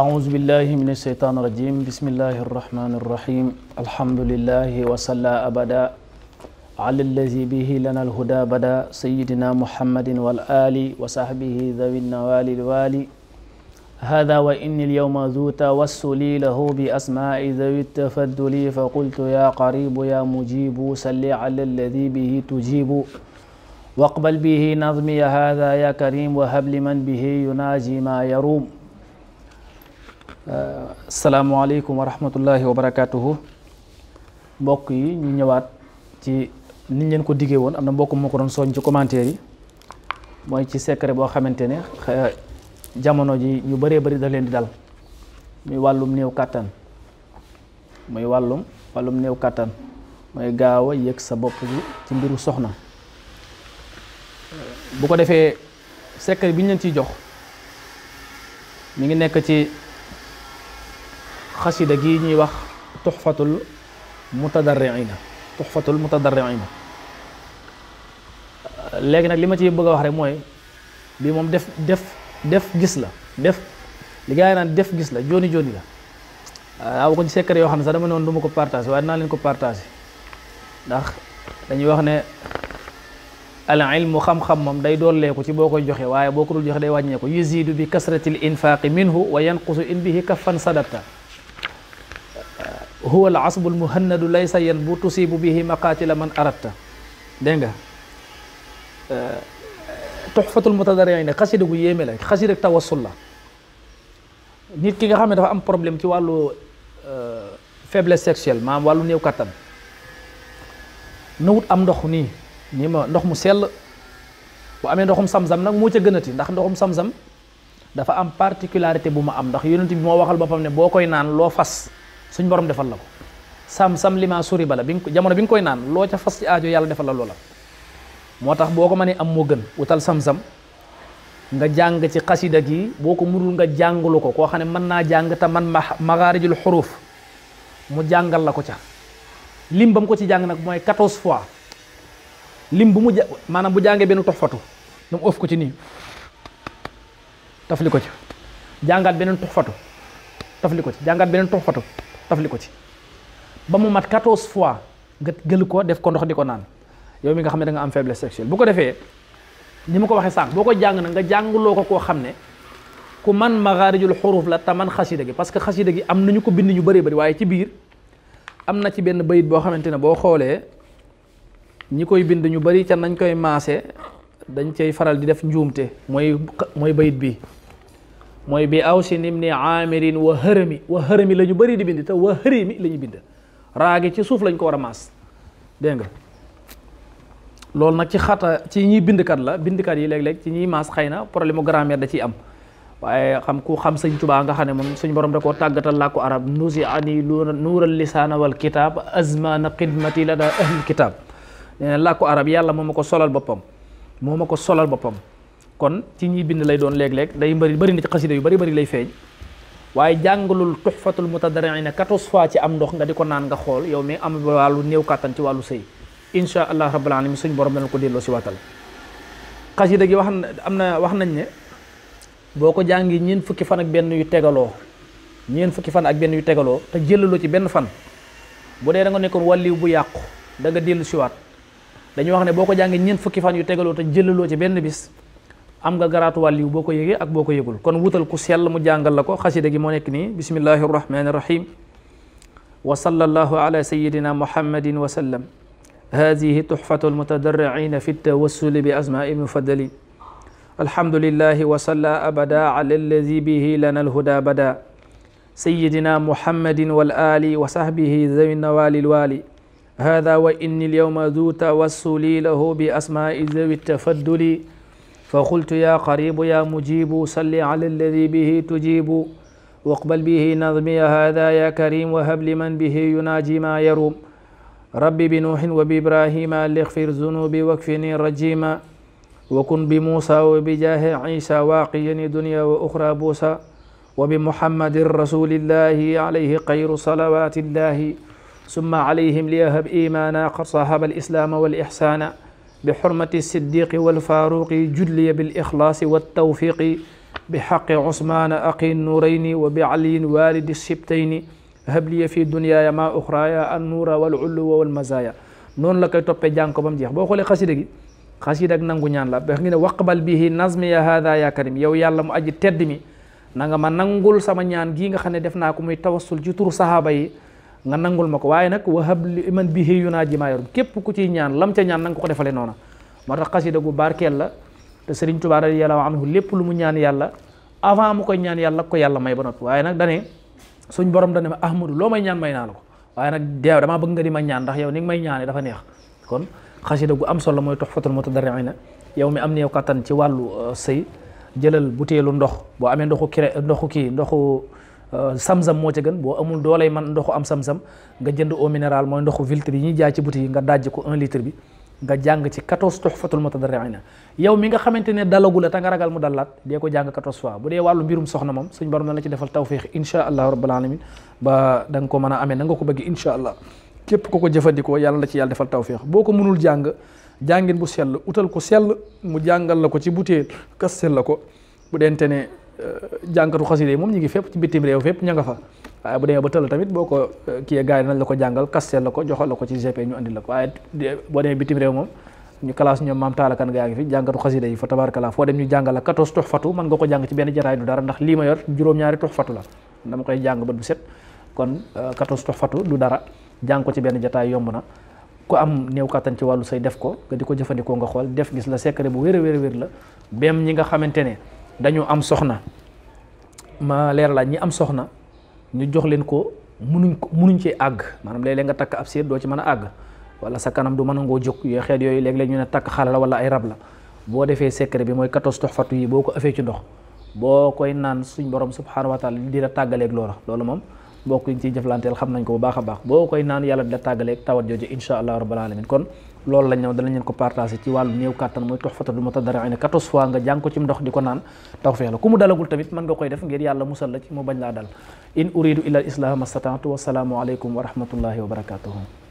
أعوذ بالله من الشيطان الرجيم بسم الله الرحمن الرحيم الحمد لله وصلى أبدا على الذي به لنا الهدى بدا سيدنا محمد والآل وصحبه ذوي النوال الوالي هذا وإن اليوم ذو توسلي له بأسماء ذوي التفضل فقلت يا قريب يا مجيب صل على الذي به تجيب واقبل به نظمي هذا يا كريم وهب لمن به يناجي ما يروم Euh, salaamaaleykum wa rahmatullahi wa barakaatuhu mbokk yi ñu ñëwaat ci niñ leen ko diggee woon am na mbokk moo ko doon soñ ci commentaire yi mooy ci secret boo xamante ne jamono ji ñu bëree bëri da leen di dal muy wàllum néew kàttan muy wàllum wàllum néew kàttan mooy gaaw a yëg sa bopp bi ci mbiru soxna bu ko defee secret bi ñu leen ciy jox mi ngi nekk ci خسيدة جيني وخ تحفة المتدرعين تحفة المتدرعين لكن لما تيجي بقى هري موي بيمام دف دف دف جسلا دف لجاي أنا دف جسلا جوني جوني لا أو كنت سكر يوحنا زاد من عندهم كبارتاس وأنا لين كبارتاس داخ لأن يوحنا العلم خم خم مم داي دول لي كتي بوكو جوخي واي بوكو جوخي داي واني كو يزيد بكسرة الإنفاق منه وينقص إن به كفا صدقته هو العصب المهند ليس ينبو تصيب به مقاتل من أردت دينغا أه، تحفة المتدرعين قصيدة يميلا قصيدة توصل لا نيت كي خامي دا ام بروبليم تي والو فيبل أه، سيكسيال ما والو نيو كاتام نوت ام ندخ ني نيما ندخ مو سيل bu amee ndoxum samsam nag moo ca gënati ndax ndoxum samsam dafa am particularité bu ma am ndax yonent bi suñ borom defal la sam sam lima suri bala bi jamono bi nga koy naan lo ca fas ci aajo yalla defal la lola motax boko mané am mo gën utal sam-sam nga jang ci qasida gi boko ko nga jang lu ko ko xane man na jang ta man magharijul huruf mu jangal la ko ca lim bam ko ci jang nak moy 14 fois lim bu mu manam bu ben dum of ko ci ni tafliko ci jangat benen tafliko ci jangat benen tafli ko ci ba mu mat 14 fois nga gël ko def ko ndox di ko naan yow mi nga xam ne da nga am faiblesse sexuelle bu ko defee ni ma ko waxee sànq boo ko jàng na nga jàngloo ko koo xam ne ku man maxaarijul xuruuf la te man xasida gi parce que xasida gi am nañu ko bind ñu bëree bëri waaye ci biir am na ci benn bayit boo xamante ne boo xoolee ñi koy bind ñu bëri ca nañ koy maase dañ cay faral di def njuumte mooy mooy bayit bi mooy bi awsin ibni aamirin wa hërëmi wa hërëmi la ñu bëri di bind te wa hërëmi la ñu bind raagi ci suuf lañ ko war a maas dégg nga loolu nag ci xata ci ñiy bindkat la bindkat yi léeg-léeg ci ñiy maas xëy na problème mu grammaire da ciy am waaye xam ku xam sëñ tubaa nga xam ne moom suñ borom da koo tàggatal làkku arab nusi ani nuural lisaana wal kitaab azmana xidmati la daa ahlil kitaab nee na làkku arab yàlla moo ma ko solal boppam moo ma ko solal boppam kon ci ñi bind lay doon leg leg day bari bari na ci xasida yu bari bari lay feej waye jàngalul tuhfatul mutadariina katus fois ci am ndox nga di naan nga xol yow mi am walu new katan ci walu sey insha allah rabbul alamin suñ borom dana ko delo ci watal xasida gi waxna amna waxnañ ne boko ko ñeen fukki fan ak ben yu tegaloo ñeen fukki fan ak ben yu tegaloo te jëlaloo ci ben fan bu de da nga nekkon wàlliw bu yaq da nga ci wat dañu wax ne boko ñeen fukki fan yu tegaloo te ci ben bis am nga garaatu wàlliw boo ko yëgee ak boo ko yëgul kon wutal ku sell mu jàngal la ko xasida gi moo nekk nii bismillahi rrahmani rrahim wa sallallahu ala sayidina muhammadin wa sallam هذه تحفة المتدرعين في التوسل بأسماء المفضلين الحمد لله وصلى أبدا على الذي به لنا الهدى بدا سيدنا محمد والآل وصحبه ذوي النوال الوالي هذا وإني اليوم ذو توسلي له بأسماء ذوي التفضل فقلت يا قريب يا مجيب صل على الذي به تجيب واقبل به نظمي هذا يا كريم وهب لمن به يناجي ما يروم ربي بنوح وبإبراهيم لاغفر ذنوبي واكفني رجيما وكن بموسى وبجاه عيسى واقيني دنيا وأخرى بوسى وبمحمد رسول الله عليه خير صلوات الله ثم عليهم ليهب إيمانا قد صاحب الإسلام والإحسان بحرمة الصديق والفاروق جلي بالإخلاص والتوفيق بحق عثمان أقي النورين وبعلي والد السبتين هب لي في الدنيا ما أخرى يا النور والعلو والمزايا نون لك توبي جانكو بام جيخ بو خولي قصيدك قصيدك نانغو نيان لا بخ ني وقبل به نظم يا هذا يا كريم يو يالا مو اجي تيدمي نانغا ما نانغول سما نيان جيغا خاني ديفناكو موي توسل جي تور صحابه nga nangul mako waye nak wahab li man bihi yunaji ma yarum kep ku ci ñaan lam ca ñaan nang ko ko defale nona moo tax gu barkel la te sëriñ tubaa radiallahu anhu lepp lu mu ñaan yalla avant mu koy ñaan yalla ko yalla may ba noppi nak dane suñ borom dane ma ahmadu may ñaan may nalako waye nak deew bëgg nga di ma ñaan ndax yow ni may ñaane dafa neex kon qasida gu am solo moy tuhfatul mutadarriina yow mi am neew katan ci walu euh, sey jëlal butéelu ndox bo amé ndoxu kire ndoxu ki ndoxu Euh, samsam moo ca gën boo amul doolay man ndoxu am samsam nga jënd o minérale mooy ndoxu filtre yi ñuy jaay ci boutique yi nga dajj ko un litre bi nga jàng ci 14 tuhfatul mutadarriina yow mi nga xamante ne dalagu la te nga ragal mu dalaat dee ko jàng 14 fois bu dee wàllu mbirum soxna moom suñ borom dana la ci defal tawfiix insha allah rabbal alamin ba da ko mën a amee na nga ko bëgg insha allah képp ko ko jëfandikoo yàlla la ci yàlla defal tawfiix boo ko mënul jàng jàngin bu sell utal ko sell mu jàngal la ko ci butéel kas la ko bu dente ne khasi xaside mom ñi ngi fep ci bitim rew fep ñanga fa waye bu demee ba teul tamit boko eh, ki gaay nañ la ko jàngal kasteel la ko joxal la ko ci GP ñu andil la ko waaye boo demee bitim rew mom ñu classe ñoom maam taalakan gaa ngi fi jàngatu khasi yi fa tabarakala fo dem ñu jangal la 14 tuhfatu fatu man nga ko jang ci ben jaraay du dara ndax li ma yor juroom ñaari tuhfatu la dama koy jang ba bu set kon 14 eh, tuhfatu fatu du dara jang ko ci ben jotaay yomb na am néew katan ci walu say def ko nga di ko nga xol def gis la secret bu wér a wér la bem ñi nga xamantene dañu am soxna ma leer la ñi am soxna ñu jox leen ko munuñ ko munuñ ci àgg maanaam léeg-léeg nga takk ab séet doo ci mën a àgg wala sa kanam du mën a ngoo jóg yooyu xeet yooyu léeg-léeg ñu ne takk xala la wala ay rab la boo defee secret bi mooy 14 toxfatu yi boo ko afee ci ndox boo koy naan suñ borom subhaanahu wa taala di la tàggaleeg loola loolu moom mbokk yi ñu ciy jëflanteel xam ko bu baax baax boo koy naan yàlla di la tàggaleeg tawat jooju incha allah rabbal alamin kon loolu la ñëw danañ leen ko partagé ci wàllu néew kàttan mooy tox fata du ma ta dara ay ne quatorze fois nga jàng ko ci ndox di ko naan tawfeex la ku mu dalagul tamit mën nga koy def ngir yàlla musal la ci mu bañ laa dal in uridu illa al islaha mastata'tu wasalaamu aleykum wa rahmatullahi wa barakatuhu